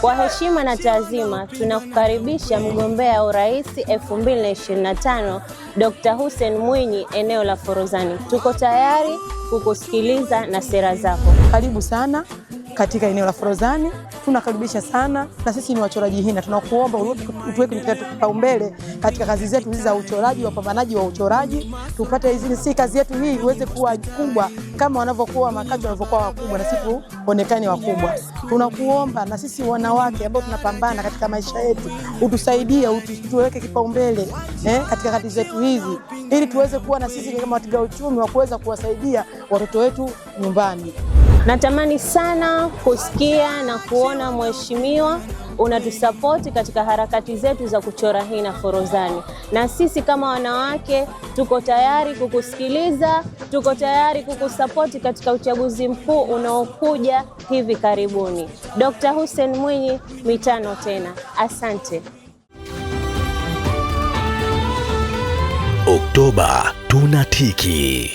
Kwa heshima na taazima tunakukaribisha mgombea urais 2025 Dr. Hussein Mwinyi eneo la Forodhani. Tuko tayari kukusikiliza na sera zako. Karibu sana katika eneo la Forodhani tunakaribisha sana, na sisi ni wachoraji hina, tunakuomba utuweke kipaumbele katika kazi zetu hizi za uchoraji, wapambanaji wa uchoraji, tupate hizi si kazi yetu hii iweze kuwa kubwa kama wanavyokuwa makazi wanavyokuwa wakubwa, na sisi tuonekane wakubwa. Tunakuomba na sisi wanawake ambao tunapambana katika maisha yetu, utusaidie, utuweke kipaumbele eh, katika kazi zetu hizi, ili tuweze kuwa na sisi kama wapiga uchumi wa kuweza kuwasaidia watoto wetu nyumbani. Natamani sana kusikia na kuona mheshimiwa unatusapoti katika harakati zetu za kuchora hina Forozani, na sisi kama wanawake tuko tayari kukusikiliza, tuko tayari kukusapoti katika uchaguzi mkuu unaokuja hivi karibuni. Dr. Hussein Mwinyi, mitano tena. Asante. Oktoba tunatiki.